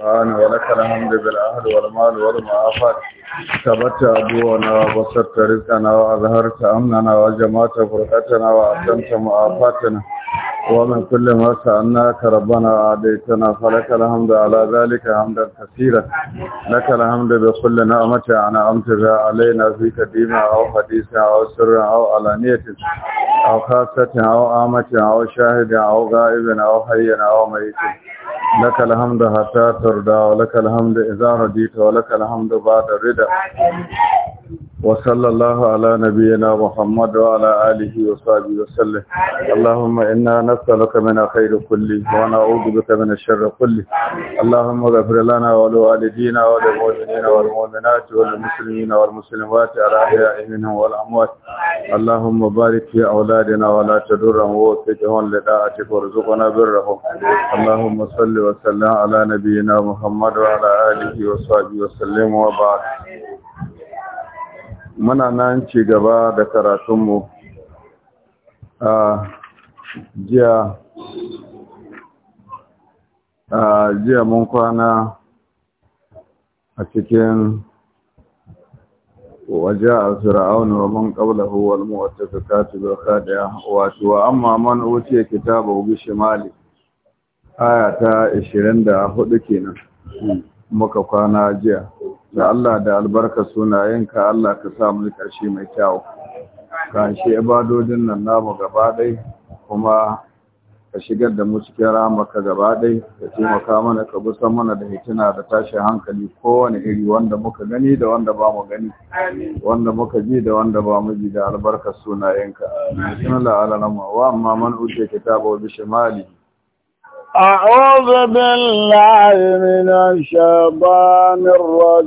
سبحان ولك الحمد بالأهل والمال والمعافات ثبت أبونا وبسطت رزقنا وأظهرت أمننا وجمعت فرقتنا وأحسنت معافاتنا ومن كل ما سألناك ربنا أعديتنا فلك الحمد على ذلك حمدا كثيرا لك الحمد بكل نعمة أنعمت بها علينا في قديمة أو حديثة أو سر أو علانية أو خاصة أو آمة أو شاهد أو غائب أو حي أو ميت لك الحمد حتى ترضى ولك الحمد إذا رضيت ولك الحمد بعد الرضا وصلى الله على نبينا محمد وعلى آله وصحبه وسلم اللهم إنا نسألك من خير كله ونعوذ بك من الشر كله اللهم اغفر لنا ولوالدينا وللمؤمنين والمؤمنات والمسلمين والمسلمات الأحياء منهم والأموات اللهم بارك في أولادنا ولا تدرهم ووفقهم لطاعتك وارزقنا برهم اللهم صل وسلم على نبينا محمد وعلى آله وصحبه وسلم وبارك muna nan ci gaba da karatunmu a jiya a jiya mun kwana a cikin waje a fir'aunu wa mun ƙaula huwal mu wata ta kati zo kadiya wato wa amma man wuce kitabu bi shimali aya ta 24 kenan muka kwana jiya da Allah da albarka sunayenka Allah ka sa mu ƙarshe mai kyau ka shi ibadodin nan namu gaba ɗai kuma ka shigar da mu cikin ramaka gaba ɗai ka taimaka mana ka gusa mana da hitina da tashin hankali kowane iri wanda muka gani da wanda ba mu gani wanda muka ji da wanda ba mu ji da albarkar sunayenka bismillah alalama wa amma man uce kitabu bi shimali أعوذ بالله من الشيطان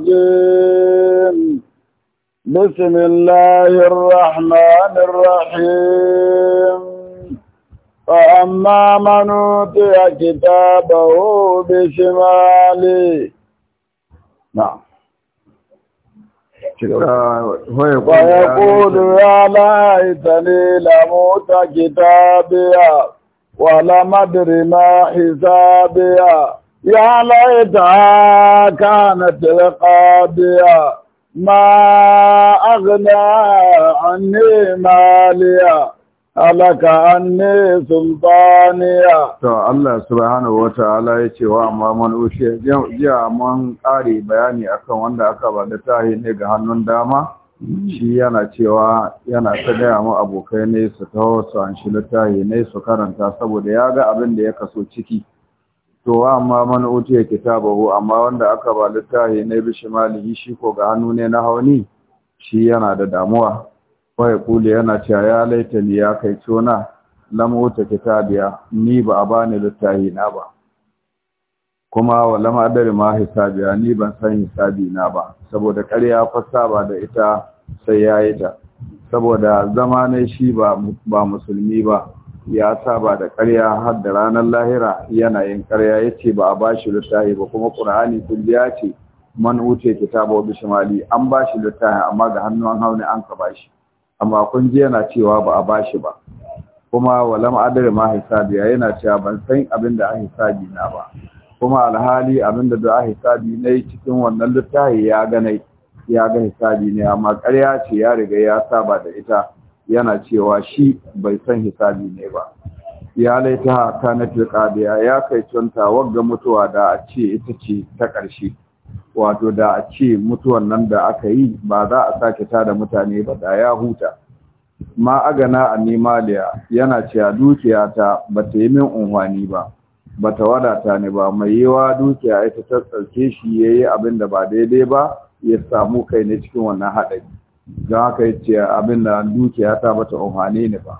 الرجيم بسم الله الرحمن الرحيم فأما من أوتي كتابه بشمالي نعم ويقول يا ليتني لموت كتابيه ولم أدر ما حسابيا يا ليتها كانت القاضية ما أغنى عني ماليا halaka anne sultaniya to Allah subhanahu ya ce wa amma man ushe jiya man ƙari bayani akan wanda aka bada tahi ne ga hannun dama shi yana cewa yana ta gaya mu abokai ne su taho su an littafi ne su karanta saboda ya ga abin da ya kaso ciki to amma ya kita babu amma wanda aka ba littafi ne bishi malihi shi ko ga hannu ne na hauni shi yana da damuwa wai kuli yana cewa ya laita ni ya kai cona lam kita biya ni ba a bani littafi na ba kuma wa ma adari ma hisabiya ni ban san hisabi na ba saboda ƙarya ba da ita sai ya yi ta saboda zama ne shi ba musulmi ba ya saba da karya har da ranar lahira yanayin ƙarya ya ce ba a ba shi littafi ba kuma ƙur'ani ya ce man wuce kitabo bi shimali an ba shi littafi amma ga hannun hauni an ka ba shi amma kun ji yana cewa ba a ba shi ba kuma walam adar ma hisabi yana cewa ban san abin da a hisabi na ba kuma alhali abin da da hisabi na cikin wannan littafi ya ganai ya ga hisabi ne amma ƙarya ce ya riga ya saba da ita yana cewa shi bai san hisabi ne ba ya laita kanatil qadiya ya kai tunta wagga mutuwa da a ce ita ce ta ƙarshe wato da a ce mutuwan nan da aka yi ba za a sake ta da mutane ba da ya huta ma agana a nemaliya yana cewa dukiyata ba ta yi min unhwani ba ba ta wadata ne ba mai yiwa dukiya ita ta tsarke shi ya yi abin da ba daidai ba ya samu kai ne cikin wannan haɗari don haka ya ce abin da dukiya ta bata umarni ne ba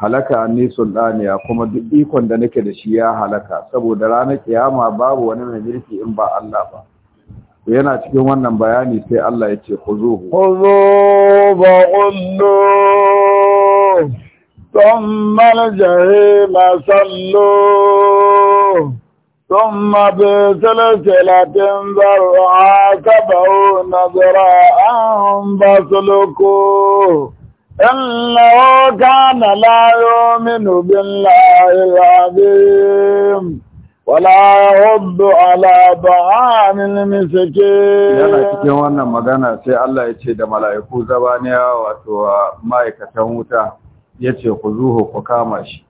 halaka ni sultaniya kuma duk ikon da nake da shi ya halaka saboda ranar kiyama babu wani mai mulki in ba Allah ba yana cikin wannan bayani sai Allah ya ce ku zo ku zo ba qullu ثم al-jahima ثم بسلسلة ذرعها سبعون ذراعا فاسلكوه إنه كان لا يؤمن بالله العظيم ولا يرد على طعام المسكين yana cikin wannan magana sai Allah ya ce da mala'iku zabaniya wato ma'aikatan wuta yace ku zuhu ku kama shi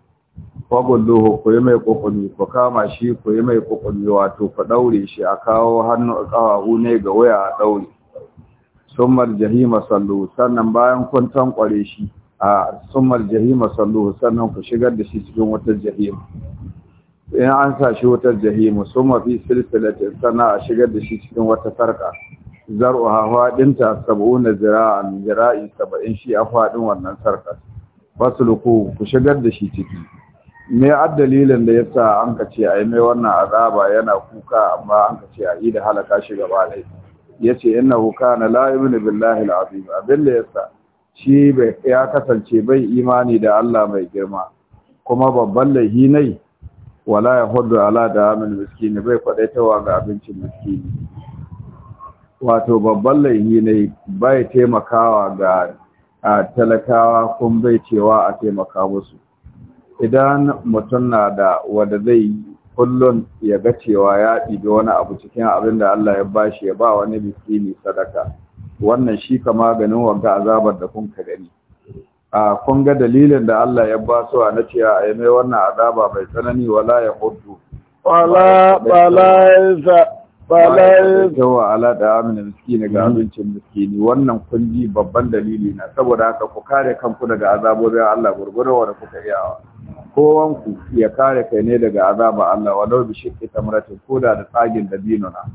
fagulluhu ku yi mai kokoni ku kama shi ku yi mai kokoni wato ku daure shi a kawo hannu a kawahu ne ga waya a daure summar jahima sallu sannan bayan kun tankware shi a summar jahima sallu sannan ku shigar da shi cikin wutar jahima in an sa shi wutar jahima summa fi silsilatin sannan a shigar da shi cikin wata sarka zar'uha faɗinta sab'una zira'an zira'i saba'in shi a faɗin wannan sarkar fasuluku ku shigar da shi ciki me dalilin da yasa an ka ce ai mai wannan azaba yana kuka amma an ka ce ai da halaka shi gaba dai yace innahu kana la yu'minu billahi al'azim abin da yasa shi ya kasance bai imani da Allah mai girma kuma babban lahi nai wala ya hudu ala da amin miskini bai kwadaitawa ga abincin miskini wato babban lahi ne bai taimakawa ga talakawa kun bai cewa a taimaka musu idan mutum na da wanda zai kullum ya ga cewa ya ɗibi wani abu cikin abin da Allah ya bashi ya ba wani miskini sadaka wannan shi ka maganin wanga azabar da kun ka gani a kun ga dalilin da Allah ya ba su na cewa a yi mai wannan azaba mai tsanani wala ya hudu balal jawa ala da amin miskini ga mm. abincin miskini wannan kunji babban dalili na saboda haka ku kare kanku daga azabobin Allah gurgurwa wadda kuka iyawa kowanku ya kare kai ne daga azaba Allah walau bi shiqqi tamratin ko da tsagin dabino na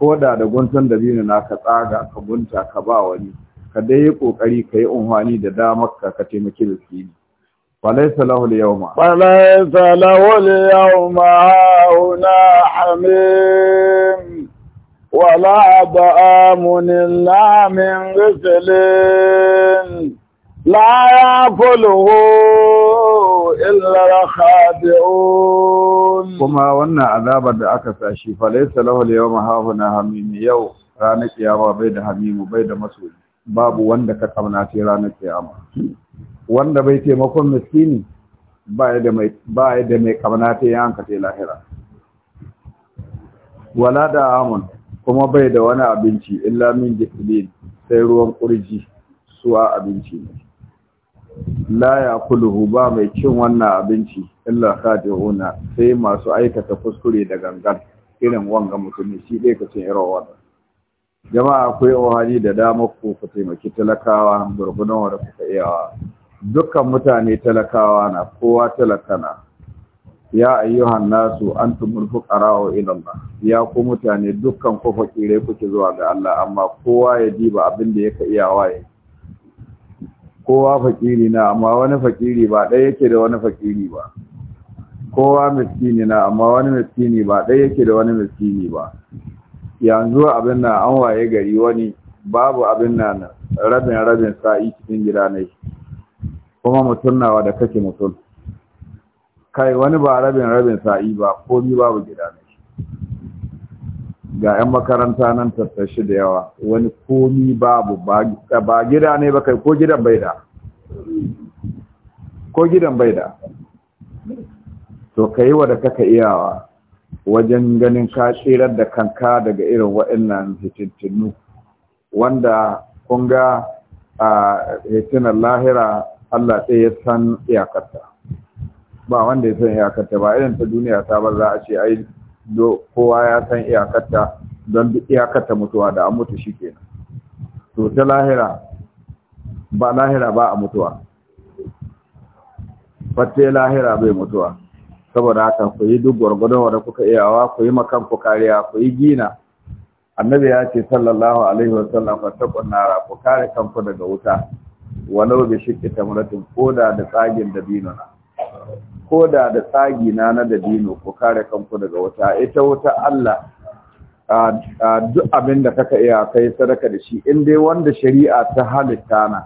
Ko da guntun dabino ka tsaga ka gunta ka ba wani ka dai yi kokari ka yi unhwani da damar ka ka taimaki miskini فليس له اليوم فليس له اليوم هنا حميم ولا دعام إلا من غسلين لا يأكله إلا الخادعون كما وانا عذاب da aka فليس له اليوم هنا حميم يوم ranar kiyama bai da hamimu bai da masoyi babu wanda ka kamna sai ranar kiyama wanda bai taimakon miskini ba ya da mai kamana ta yi an lahira wala da amun kuma bai da wani abinci illa min gisilin sai ruwan kurji suwa abinci ne la ya kuluhu ba mai cin wannan abinci illa huna sai masu aikata kuskure da gangan irin wanga mutum shi dai ka cin irin wanda. jama'a akwai ohari da dama ku ku taimaki talakawa gurgunan wanda kuka iyawa dukkan mutane talakawa na kowa talakana ya ayyuhan nasu antumul fuqara'u ila Allah ya ku mutane dukkan ku fakire kuke zuwa ga Allah amma kowa ya diba abin da yake iya waye. kowa fakiri na amma wani fakiri ba ɗaya yake da wani fakiri ba kowa miskini na amma wani miskini ba ɗaya yake da wani miskini ba yanzu abin na an waye gari wani babu abin na rabin rabin sa'i cikin gida ne kuma mutum nawa da kake mutum kai wani ba rabin rabin sa'i ba komi babu gida ne ga 'yan makaranta nan tattashi da yawa wani komi babu ba gida ne ba kai ko gidan bai da ko gidan bai da to ka yi wa da kaka iyawa wajen ganin ka tsirar da kanka daga irin waɗannan hitintinu wanda kun ga a hitinan lahira Allah sai ya san iyakarta ba wanda ya san iyakarta ba irin ta duniya ta bar za a ce ai kowa ya san iyakarta don duk iyakarta mutuwa da an mutu shi kenan to ta lahira ba lahira ba a mutuwa fatte lahira bai mutuwa saboda haka ku yi duk gwargwadon wanda kuka iyawa ku yi ku kariya ku yi gina annabi ya ce sallallahu alaihi wasallam fatakun nara ku kare kanku daga wuta walau da shi tamratin koda da tsagin dabino na koda da tsagi na na dabino ko kare kanku daga wuta ita wuta Allah duk abin da kaka iya kai sadaka da shi in dai wanda shari'a ta halitta na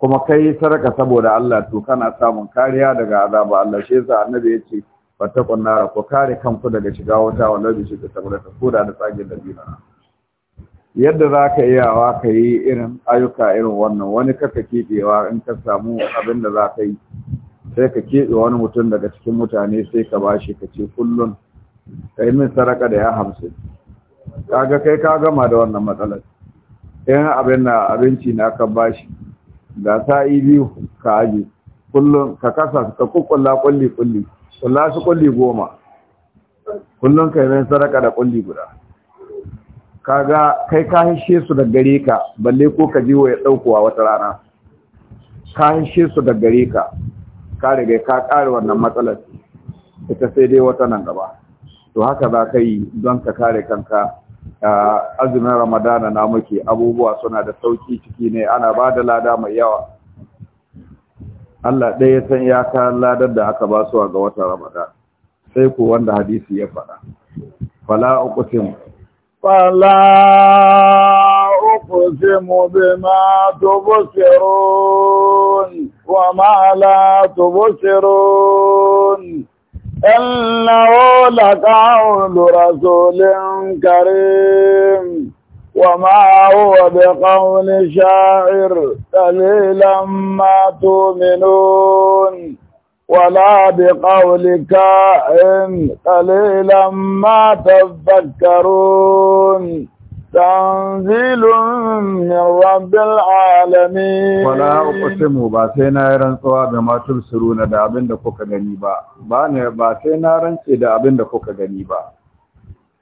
kuma kai sadaka saboda Allah to kana samun kariya daga azaba Allah shi yasa annabi ya ce fatakun nara ko kare kanku daga shiga wuta wallahi shi ka saboda koda da tsagin dabino na yadda za ka iyawa ka yi irin ayyuka irin wannan wani kaka keɓewa in ka samu abin da za ka yi sai ka keɓe wani mutum daga cikin mutane sai ka bashi ka ce kullum ka yi min saraka da ya hamsin kaga kai ka gama da wannan matsalar Yan abin na abinci na ka bashi ga yi biyu ka aji kullum ka kasa ka kukkulla kulli kulli kulla su kulli goma kullum ka yi min saraka da kulli guda kaga kai ka hishe su da gare ka balle ko ka ji waya daukowa wata rana ka hishe su da gare ka ka riga ka kare wannan matsalar ita sai dai wata nan gaba to haka za ka yi don ka kare kanka azumin ramadana na muke abubuwa suna da sauki ciki ne ana ba da lada mai yawa Allah ɗaya san ya kayan ladar da aka ba su ga watan Ramadana. sai ku wanda hadisi ya faɗa fala uqsim فلا أقسم بما تبصرون وما لا تبصرون إنه لقول رسول كريم وما هو بقول شاعر قليلا ما تؤمنون ولا بقول كائن قليلا ما تذكرون تنزيل من رب العالمين ولا اقسم ba sai na rantsuwa da ma tumsuruna da abin da kuka gani ba ba ba sai na rantse da abin da kuka gani ba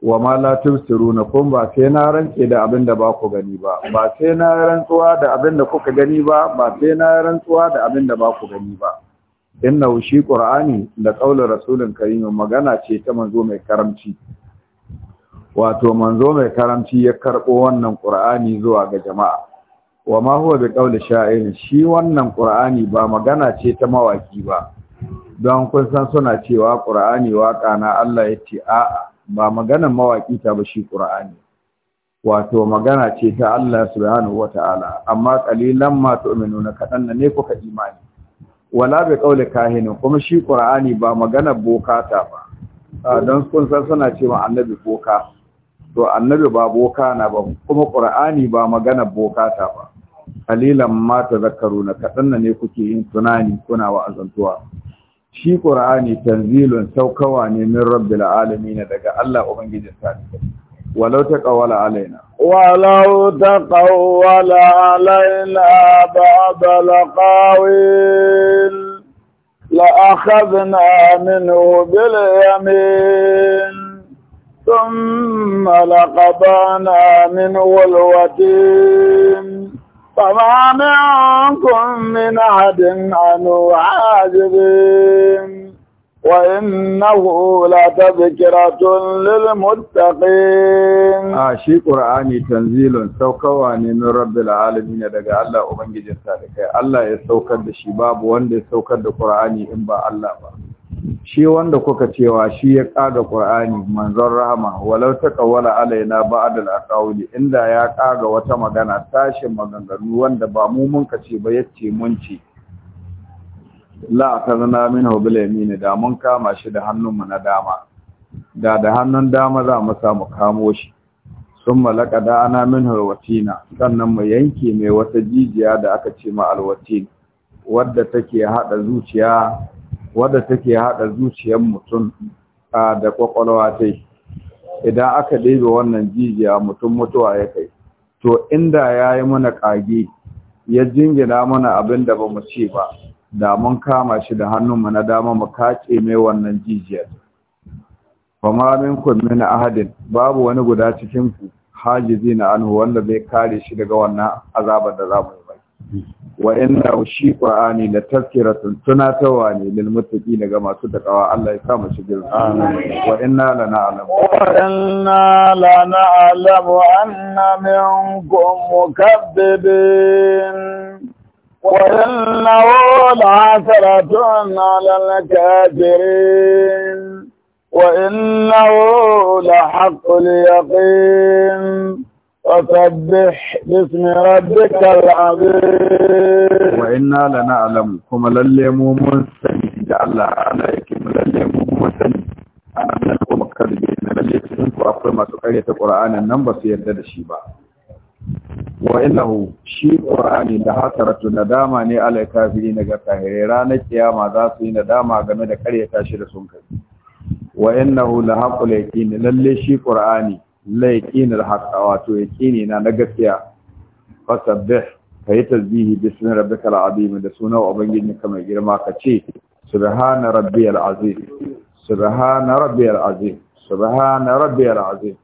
wa ma la tumsuruna kun ba sai na rantse da abin da ba gani ba ba sai na rantsuwa da abin da kuka gani ba ba sai na rantsuwa da abin da ba gani ba inna shi qur'ani da qaulur rasulun karim magana ce ta manzo mai karamci wato manzo mai karamci ya karbo wannan qur'ani zuwa ga jama'a wa ma huwa bi qauli sha'ir shi wannan qur'ani ba magana ce ta mawaki ba don kun san suna cewa qur'ani waka na Allah yace a'a ba maganar mawaki ta ba shi qur'ani wato magana ce ta Allah subhanahu wata'ala amma qalilan ma tu'minuna kadan ne kuka imani wala bi qawli kahinin kuma shi qur'ani ba magana boka ba ah, dan kun san sana cewa annabi boka to annabi ba boka na ba kuma qur'ani ba magana boka ta ba qalilan ma na kadan ne kuke yin tunani kuna wa'azantuwa shi qur'ani tanzilun saukawa ne min rabbil alamin daga Allah ubangijin sa walau ta qawala alaina ولو تقول علينا بعض الأقاويل لأخذنا منه باليمين ثم لقضانا منه الوتين فما منكم من عد عنه عاجبين وإنه لتذكرة للمتقين آه شي قرآني تنزيل سوكواني من رب العالمين دقى الله أبنجي جسالك الله يسوكر دشباب da يسوكر دقرآني إنبا الله با shi wanda kuka cewa shi ya kaga ƙur'ani, manzon rahama walau taqawwala alaina ba'dal aqawli inda ya kaga wata magana tashin maganganu wanda ba mu mun kace ba yace mun ce la akhadna minhu bil yamin da mun kama shi da hannunmu na dama da da hannun dama za mu samu kamo shi summa laqada ana minhu watina sannan mu yanke mai wata jijiya da aka ce ma alwatin wadda take hada zuciya wadda take hada zuciyar mutum da kwakwalwa tai idan aka ɗebe wannan jijiya mutum mutuwa ya kai to inda yayi mana kage ya jingina mana abin da bamu ce ba da mun kama shi da hannunmu na dama mu kace mai wannan jijiyar kuma minkum min ahadin babu wani guda cikin ku hajizina anhu wanda zai kare shi daga wannan azabar da zamu yi mai wa inna shi qur'ani la tazkiratun tunatawa ne lil muttaqin ga masu takawa Allah ya sa mu shi gizo amin wa inna lana alamu wa inna lana alamu anna minkum mukaddibin وإنه لعثرة على الكافرين وإنه لحق اليقين وسبح باسم ربك العظيم وإنا لنعلم كما لليمو منسني جعل عليك من لليمو منسني أنا من الكومة كذبين لليسنكو أقوى ما تقريت القرآن آية النمبر سيدد الشيبان wa innahu shi qur'ani da hasaratu nadama ne a kafirin ga kafirai ranar kiyama za su yi nadama game da karyata shi da sun kai wa innahu la haqqul yaqin lalle shi qur'ani la al haqq wato yaqini na na gaskiya fasabbih kai tasbihi bismi rabbikal azim da sunan ubangiji mai girma ka ce subhana rabbiyal azim subhana rabbiyal azim subhana rabbiyal azim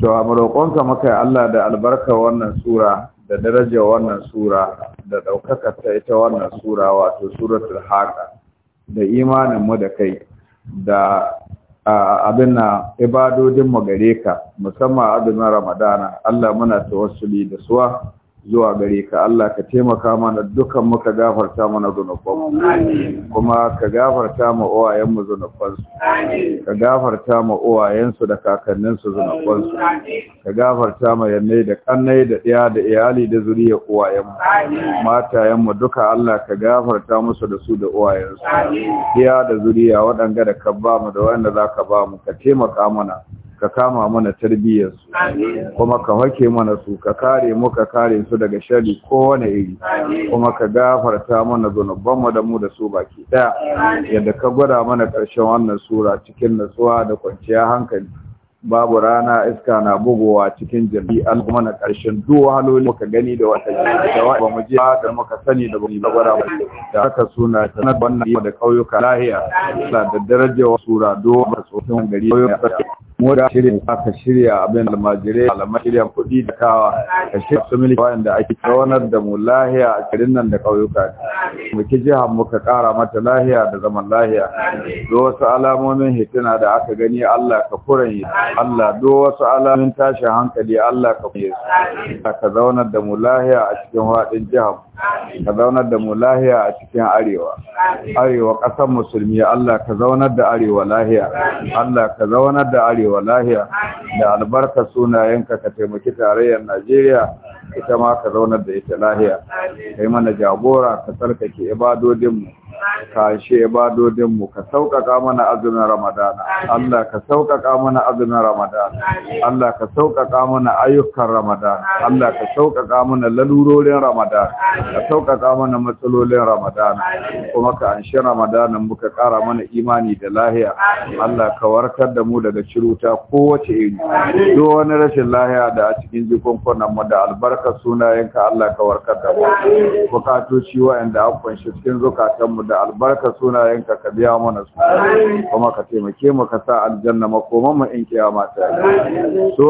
to a roƙonka maka Allah da albarka wannan sura da daraja wannan sura da ɗaukaka ta ita wannan sura wato suratul haka da imanin mu da kai da abin na ibadodin mu gare ka musamman azumin ramadana Allah muna tawassuli da suwa zuwa gare ka Allah ka taimaka mana dukan muka gafarta mana zunubanmu kuma ka gafarta ma uwayenmu zunubansu ka gafarta ma uwayensu da kakanninsu zunubansu ka gafarta ma yanne da kannai da iya da iyali da zuriya uwayenmu matayenmu duka Allah ka gafarta musu da su da uwayensu iya da zuriya waɗanga da ka ba mu da waɗanda za ka ba mu ka taimaka mana ka kama mana tarbiyyarsu kuma ka hake mana su ka kare mu ka kare su daga shari kowane iri kuma ka gafarta mana mu da mu da su baki daya yadda ka gwada mana ƙarshen wannan sura cikin natsuwa da kwanciyar hankali babu rana iska na bugowa cikin jirgi an kuma na ƙarshen duk wahaloli muka gani da wata jirgi ba mu je da muka sani da bugi gwada ba da aka suna sanar wannan da ƙauyuka lahiya da darajar sura do ba tsohon gari ya moda shirin aka shirya abin almajirai alamar shirya kuɗi da kawa ka shirya su miliki wa'anda ake tsawonar da mu lahiya a cikin nan da ƙauyuka muke jiha mu ka ƙara mata lahiya da zaman lahiya do wasu alamomin hitina da aka gani Allah ka kuranye Allah do wasu alamomin tashin hankali Allah ka kuranye ka zaunar da mu lahiya a cikin waɗin jihar ka zaunar da mu lahiya a cikin arewa arewa ƙasar musulmi Allah ka zaunar da arewa lahiya Allah ka zaunar da arewa lahiya da albarka sunayenka ka taimaki tarayyar Najeriya ita ma ka zaunar da ita lahiya kai mana jagora ka tsarkake ibadodinmu ka she ibadodin mu ka sauƙaƙa mana azumin ramadana Allah ka sauƙaƙa mana azumin ramadana Allah ka sauƙaƙa mana ayyukan ramadana Allah ka sauƙaƙa mana lalurorin ramadana ka sauƙaƙa mana matsalolin ramadana kuma ka anshi Ramadana muka ƙara mana imani da lahiya Allah ka warkar da mu daga ciruta kowace iri duk wani rashin lahiya da a cikin jikunkunan mu da albarkar sunayenka Allah ka warkar da mu bukatoci wa'anda an kunshi cikin zukatanmu da da albarka sunayenka ka biya mana su kuma ka taimake mu ka sa aljanna makoman mu in kiyama ta